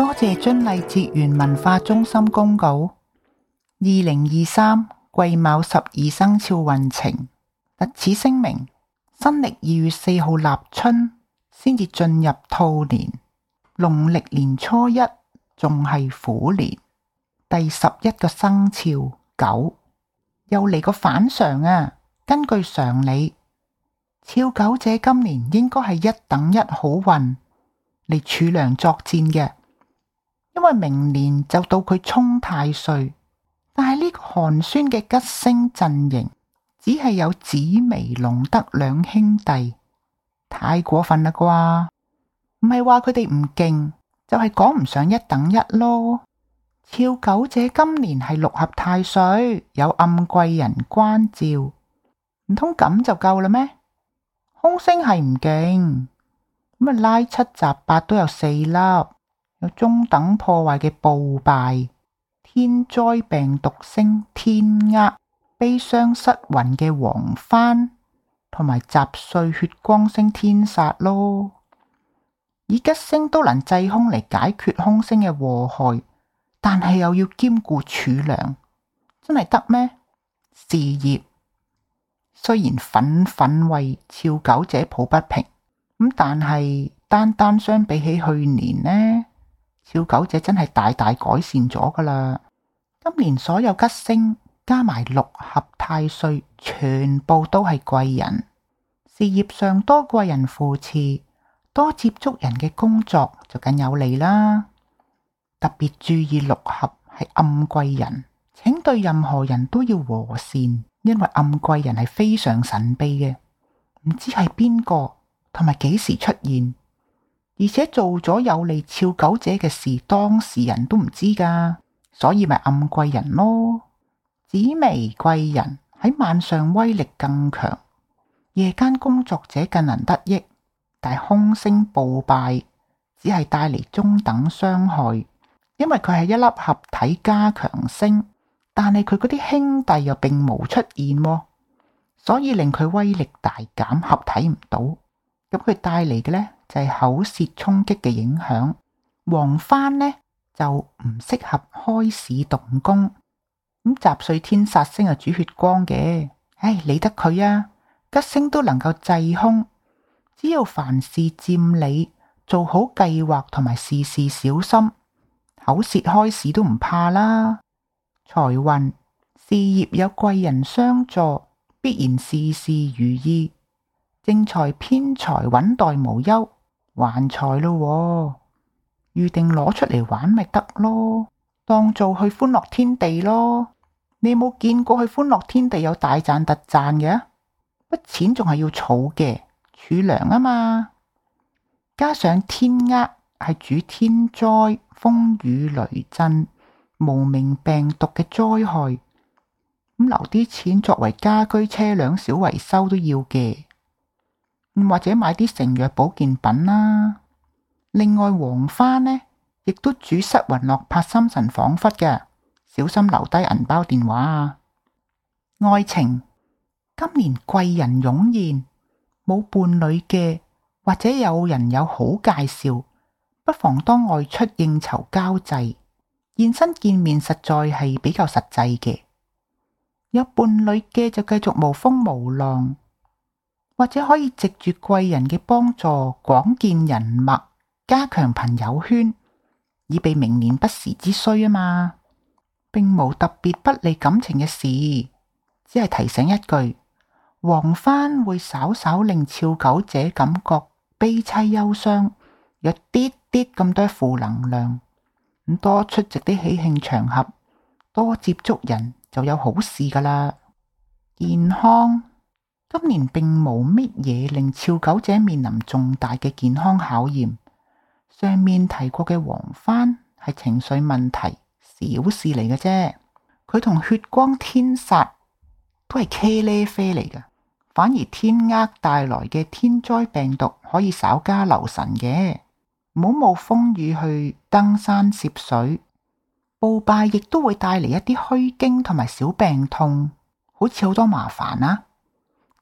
多謝鐏澧節園文化中心公告。二零二三癸卯十二生肖運程，特此聲明：新曆二月四號立春先至進入兔年，農曆年初一仲係虎年。第十一個生肖狗又嚟個反常啊！根據常理，肖狗者今年應該係一等一好運嚟，儲糧作戰嘅。因為明年就到佢沖太歲，但係呢個寒酸嘅吉星陣營，只係有紫微龍德兩兄弟，太過分啦啩！唔係話佢哋唔勁，就係講唔上一等一咯。肖狗者今年係六合太歲，有暗貴人關照，唔通咁就夠啦咩？凶星係唔勁，咁啊拉七集八都有四粒。有中等破壞嘅暴敗、天災病毒星天厄、悲傷失魂嘅黃旛同埋雜碎血光星天煞咯，以吉星都能制空嚟，解決凶星嘅禍害，但係又要兼顧儲糧，真係得咩？事業，雖然憤憤為肖狗者抱不平咁，但係單單相比起去年呢？肖狗者真係大大改善咗噶啦！今年所有吉星加埋六合太歲，全部都係貴人，事業上多貴人扶持，多接觸人嘅工作就更有利啦。特別注意六合係暗貴人，請對任何人都要和善，因為暗貴人係非常神秘嘅，唔知係邊個同埋幾時出現。而且做咗有利肖狗者嘅事，當事人都唔知噶，所以咪暗貴人咯。紫微貴人喺晚上威力更強，夜間工作者更能得益。但係凶星暴敗，只係帶嚟中等傷害，因為佢係一粒合體加強星，但係佢嗰啲兄弟又並無出現，所以令佢威力大減，合體唔到。咁佢帶嚟嘅咧就係口舌衝擊嘅影響，黃旛呢，就唔適合開市動工。咁雜碎天煞星係主血光嘅，唉、哎，理得佢啊！吉星都能夠制空，只要凡事佔理，做好計劃同埋事事小心，口舌開市都唔怕啦。財運事業有貴人相助，必然事事如意。正財偏財穩待無憂，還財咯，預定攞出嚟玩咪得咯，當做去歡樂天地咯。你冇見過去歡樂天地有大賺特賺嘅？乜錢仲係要儲嘅，儲糧啊嘛。加上天厄係主天災、風雨雷震、無名病毒嘅災害，咁留啲錢作為家居車輛小維修都要嘅。或者買啲成藥保健品啦。另外，黃旛呢，亦都主失魂落魄、心神恍惚嘅。小心留低銀包電話啊。愛情，今年貴人湧現，冇伴侶嘅或者有人有好介紹，不妨多外出應酬交際，現身見面實在係比較實際嘅。有伴侶嘅就繼續無風無浪。或者可以藉住貴人嘅幫助，廣建人脈，加強朋友圈，以備明年不時之需啊嘛！並無特別不利感情嘅事，只係提醒一句：黃旛會稍稍令肖狗者感覺悲凄憂傷，有啲啲咁多負能量，咁多出席啲喜慶場合，多接觸人就有好事噶啦，健康。今年並冇乜嘢令肖狗者面臨重大嘅健康考驗。上面提過嘅黃旛係情緒問題，小事嚟嘅啫。佢同血光天煞都係茄喱啡嚟嘅，反而天厄帶來嘅天災病毒可以稍加留神嘅，唔好冒風雨去登山涉水。暴敗亦都會帶嚟一啲虛驚同埋小病痛，好似好多麻煩啦、啊。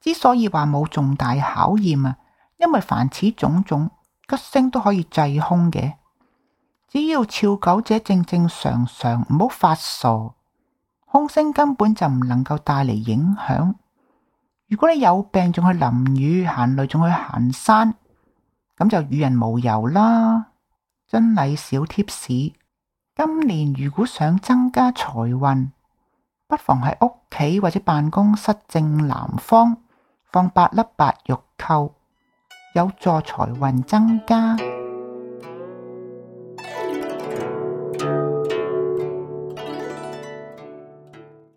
之所以話冇重大考驗啊，因為凡此種種吉星都可以制凶嘅，只要肖狗者正正常常，唔好發傻，凶星根本就唔能夠帶嚟影響。如果你有病，仲去淋雨行雷，仲去行山，咁就與人無尤啦。真理小貼士：今年如果想增加財運，不妨喺屋企或者辦公室正南方，放八粒白玉扣，有助財運增加。